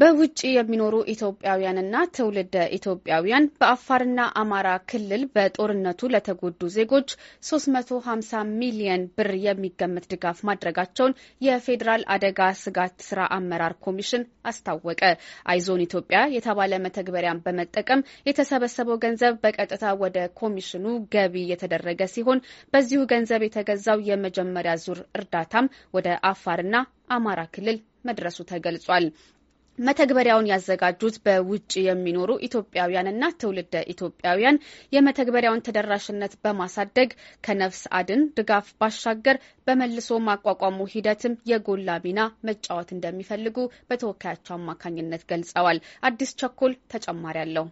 በውጭ የሚኖሩ ኢትዮጵያውያንና ትውልደ ኢትዮጵያውያን በአፋርና አማራ ክልል በጦርነቱ ለተጎዱ ዜጎች 350 ሚሊየን ብር የሚገመት ድጋፍ ማድረጋቸውን የፌዴራል አደጋ ስጋት ስራ አመራር ኮሚሽን አስታወቀ። አይዞን ኢትዮጵያ የተባለ መተግበሪያን በመጠቀም የተሰበሰበው ገንዘብ በቀጥታ ወደ ኮሚሽኑ ገቢ የተደረገ ሲሆን በዚሁ ገንዘብ የተገዛው የመጀመሪያ ዙር እርዳታም ወደ አፋርና አማራ ክልል መድረሱ ተገልጿል። መተግበሪያውን ያዘጋጁት በውጭ የሚኖሩ ኢትዮጵያውያንና ትውልደ ኢትዮጵያውያን የመተግበሪያውን ተደራሽነት በማሳደግ ከነፍስ አድን ድጋፍ ባሻገር በመልሶ ማቋቋሙ ሂደትም የጎላ ሚና መጫወት እንደሚፈልጉ በተወካያቸው አማካኝነት ገልጸዋል። አዲስ ቸኮል ተጨማሪ አለው።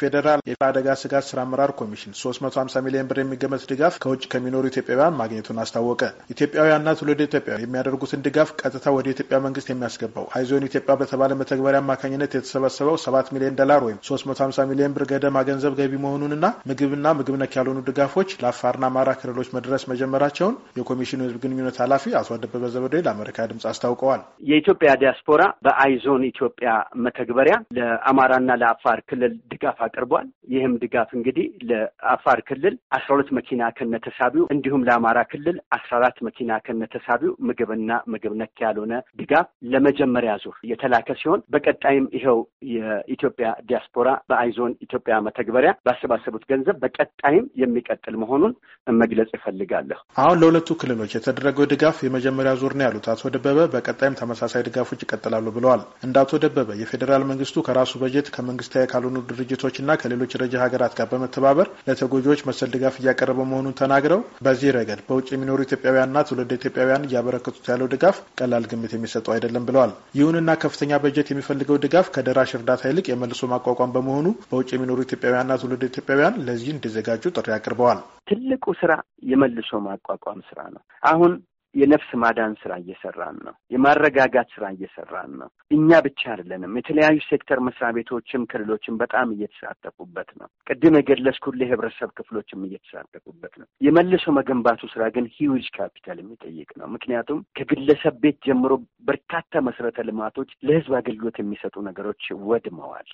ፌዴራል የአደጋ ስጋት ስራ አመራር ኮሚሽን 350 ሚሊዮን ብር የሚገመት ድጋፍ ከውጭ ከሚኖሩ ኢትዮጵያውያን ማግኘቱን አስታወቀ። ኢትዮጵያውያንና ትውልደ ኢትዮጵያ የሚያደርጉትን ድጋፍ ቀጥታ ወደ ኢትዮጵያ መንግስት የሚያስገባው አይዞን ኢትዮጵያ በተባለ መተግበሪያ አማካኝነት የተሰበሰበው 7 ሚሊዮን ዶላር ወይም 350 ሚሊዮን ብር ገደማ ገንዘብ ገቢ መሆኑንና ምግብና ምግብ ነክ ያልሆኑ ድጋፎች ለአፋርና አማራ ክልሎች መድረስ መጀመራቸውን የኮሚሽኑ የህዝብ ግንኙነት ኃላፊ አቶ አደበበ ዘበዴ ለአሜሪካ ድምጽ አስታውቀዋል። የኢትዮጵያ ዲያስፖራ በአይዞን ኢትዮጵያ መተግበሪያ ለአማራና ለአፋር ክልል ድጋፍ አቅርቧል። ይህም ድጋፍ እንግዲህ ለአፋር ክልል አስራ ሁለት መኪና ከነተሳቢው እንዲሁም ለአማራ ክልል አስራ አራት መኪና ከነተሳቢው ምግብና ምግብ ነክ ያልሆነ ድጋፍ ለመጀመሪያ ዙር የተላከ ሲሆን በቀጣይም ይኸው የኢትዮጵያ ዲያስፖራ በአይዞን ኢትዮጵያ መተግበሪያ ባሰባሰቡት ገንዘብ በቀጣይም የሚቀጥል መሆኑን መግለጽ ይፈልጋለሁ። አሁን ለሁለቱ ክልሎች የተደረገው ድጋፍ የመጀመሪያ ዙር ነው ያሉት አቶ ደበበ በቀጣይም ተመሳሳይ ድጋፎች ይቀጥላሉ ብለዋል። እንደ አቶ ደበበ የፌዴራል መንግስቱ ከራሱ በጀት ከመንግስታዊ ካልሆኑ ድርጅቶች ና ከሌሎች ረጃ ሀገራት ጋር በመተባበር ለተጎጂዎች መሰል ድጋፍ እያቀረበ መሆኑን ተናግረው በዚህ ረገድ በውጭ የሚኖሩ ኢትዮጵያውያንና ትውልድ ኢትዮጵያውያን እያበረከቱት ያለው ድጋፍ ቀላል ግምት የሚሰጠው አይደለም ብለዋል። ይሁንና ከፍተኛ በጀት የሚፈልገው ድጋፍ ከደራሽ እርዳታ ይልቅ የመልሶ ማቋቋም በመሆኑ በውጭ የሚኖሩ ኢትዮጵያውያንና ትውልድ ኢትዮጵያውያን ለዚህ እንዲዘጋጁ ጥሪ አቅርበዋል። ትልቁ ስራ የመልሶ ማቋቋም ስራ ነው። አሁን የነፍስ ማዳን ስራ እየሰራን ነው። የማረጋጋት ስራ እየሰራን ነው። እኛ ብቻ አይደለንም። የተለያዩ ሴክተር መስሪያ ቤቶችም ክልሎችም በጣም እየተሳተፉበት ነው። ቅድም የገለጽኩልህ የህብረተሰብ ክፍሎችም እየተሳተፉበት ነው። የመልሶ መገንባቱ ስራ ግን ሂውጅ ካፒታል የሚጠይቅ ነው። ምክንያቱም ከግለሰብ ቤት ጀምሮ በርካታ መሰረተ ልማቶች ለህዝብ አገልግሎት የሚሰጡ ነገሮች ወድመዋል።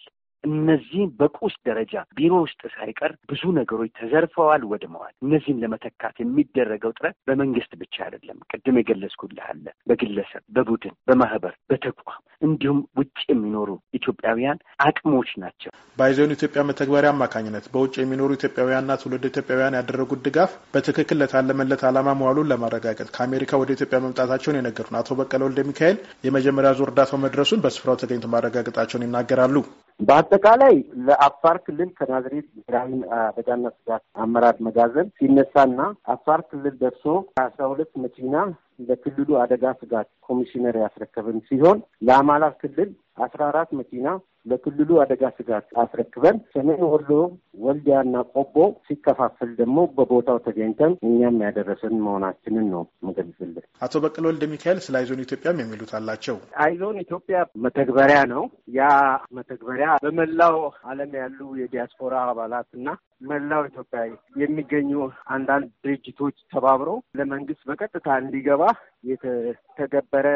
እነዚህም በቁስ ደረጃ ቢሮ ውስጥ ሳይቀር ብዙ ነገሮች ተዘርፈዋል፣ ወድመዋል። እነዚህን ለመተካት የሚደረገው ጥረት በመንግስት ብቻ አይደለም። ቅድም የገለጽኩልሃለ በግለሰብ በቡድን በማህበር በተቋም እንዲሁም ውጭ የሚኖሩ ኢትዮጵያውያን አቅሞች ናቸው። ባይዞን ኢትዮጵያ መተግበሪያ አማካኝነት በውጭ የሚኖሩ ኢትዮጵያውያንና ትውልድ ኢትዮጵያውያን ያደረጉት ድጋፍ በትክክል ለታለመለት ዓላማ መዋሉን ለማረጋገጥ ከአሜሪካ ወደ ኢትዮጵያ መምጣታቸውን የነገሩን አቶ በቀለ ወልደ ሚካኤል የመጀመሪያ ዙር እርዳታው መድረሱን በስፍራው ተገኝቶ ማረጋገጣቸውን ይናገራሉ። በአጠቃላይ ለአፋር ክልል ከናዝሬት ብሔራዊ አደጋና ስጋት አመራር መጋዘን ሲነሳና አፋር ክልል ደርሶ ከአስራ ሁለት መኪና ለክልሉ አደጋ ስጋት ኮሚሽነር ያስረከብን ሲሆን ለአማራ ክልል አስራ አራት መኪና ለክልሉ አደጋ ስጋት አስረክበን ሰሜን ወሎ ወልዲያና ቆቦ ሲከፋፈል ደግሞ በቦታው ተገኝተን እኛም ያደረሰን መሆናችንን ነው መገልጽልን። አቶ በቀለ ወልደ ሚካኤል ስለ አይዞን ኢትዮጵያም የሚሉት አላቸው። አይዞን ኢትዮጵያ መተግበሪያ ነው። ያ መተግበሪያ በመላው ዓለም ያሉ የዲያስፖራ አባላት እና መላው ኢትዮጵያ የሚገኙ አንዳንድ ድርጅቶች ተባብረው ለመንግስት በቀጥታ እንዲገባ የተተገበረ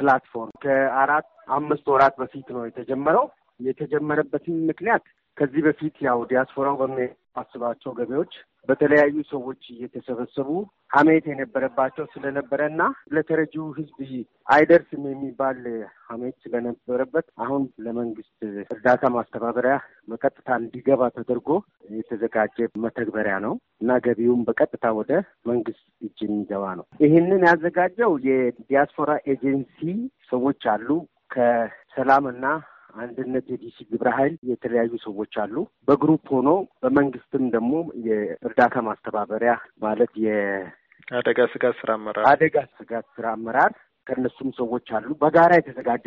ፕላትፎርም ከአራት አምስት ወራት በፊት ነው የተጀመረው። የተጀመረበትም ምክንያት ከዚህ በፊት ያው ዲያስፖራው በሚያስባቸው ገቢዎች በተለያዩ ሰዎች እየተሰበሰቡ ሀሜት የነበረባቸው ስለነበረ እና ለተረጂው ሕዝብ አይደርስም የሚባል ሀሜት ስለነበረበት አሁን ለመንግስት እርዳታ ማስተባበሪያ በቀጥታ እንዲገባ ተደርጎ የተዘጋጀ መተግበሪያ ነው እና ገቢውም በቀጥታ ወደ መንግስት እጅ የሚገባ ነው። ይህንን ያዘጋጀው የዲያስፖራ ኤጀንሲ ሰዎች አሉ ከሰላምና አንድነት የዲሲ ግብረ ኃይል የተለያዩ ሰዎች አሉ። በግሩፕ ሆኖ በመንግስትም ደግሞ የእርዳታ ማስተባበሪያ ማለት የአደጋ ስጋት ስራ አመራር አደጋ ስጋት ስራ አመራር ከእነሱም ሰዎች አሉ። በጋራ የተዘጋጀ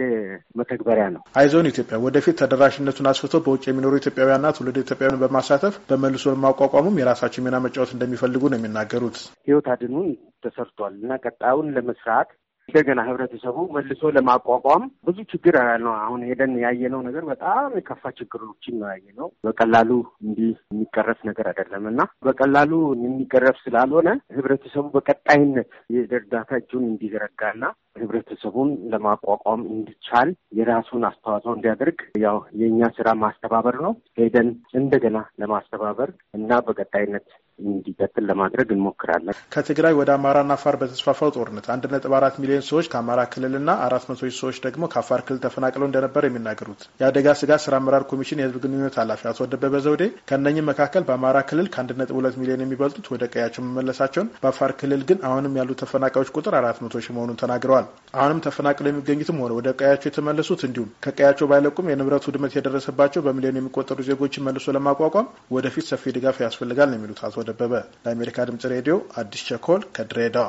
መተግበሪያ ነው። አይዞን ኢትዮጵያ ወደፊት ተደራሽነቱን አስፍቶ በውጭ የሚኖሩ ኢትዮጵያውያንና ትውልድ ኢትዮጵያውያን በማሳተፍ በመልሶ ለማቋቋሙም የራሳቸው ሚና መጫወት እንደሚፈልጉ ነው የሚናገሩት። ህይወት አድኑን ተሰርቷል እና ቀጣዩን ለመስራት እንደገና ህብረተሰቡ መልሶ ለማቋቋም ብዙ ችግር ነው። አሁን ሄደን ያየነው ነገር በጣም የከፋ ችግሮችን ነው ያየነው። በቀላሉ እንዲህ የሚቀረፍ ነገር አይደለም እና በቀላሉ የሚቀረፍ ስላልሆነ ህብረተሰቡ በቀጣይነት የእርዳታ እጁን እንዲዘረጋና ህብረተሰቡን ለማቋቋም እንዲቻል የራሱን አስተዋጽኦ እንዲያደርግ ያው የእኛ ስራ ማስተባበር ነው። ሄደን እንደገና ለማስተባበር እና በቀጣይነት እንዲቀጥል ለማድረግ እንሞክራለን። ከትግራይ ወደ አማራና አፋር በተስፋፋው ጦርነት አንድ ነጥብ አራት ሚሊዮን ሰዎች ከአማራ ክልልና አራት መቶ ሺህ ሰዎች ደግሞ ከአፋር ክልል ተፈናቅለው እንደነበር የሚናገሩት የአደጋ ስጋት ስራ አመራር ኮሚሽን የህዝብ ግንኙነት ኃላፊ አቶ ደበበ ዘውዴ ከእነኝም መካከል በአማራ ክልል ከአንድ ነጥብ ሁለት ሚሊዮን የሚበልጡት ወደ ቀያቸው መመለሳቸውን፣ በአፋር ክልል ግን አሁንም ያሉ ተፈናቃዮች ቁጥር አራት መቶ ሺህ መሆኑን ተናግረዋል። አሁንም ተፈናቅለው የሚገኙትም ሆነ ወደ ቀያቸው የተመለሱት እንዲሁም ከቀያቸው ባይለቁም የንብረት ውድመት የደረሰባቸው በሚሊዮን የሚቆጠሩ ዜጎችን መልሶ ለማቋቋም ወደፊት ሰፊ ድጋፍ ያስፈልጋል ነው የሚሉት አቶ ደበበ። ለአሜሪካ ድምጽ ሬዲዮ አዲስ ቸኮል ከድሬዳዋ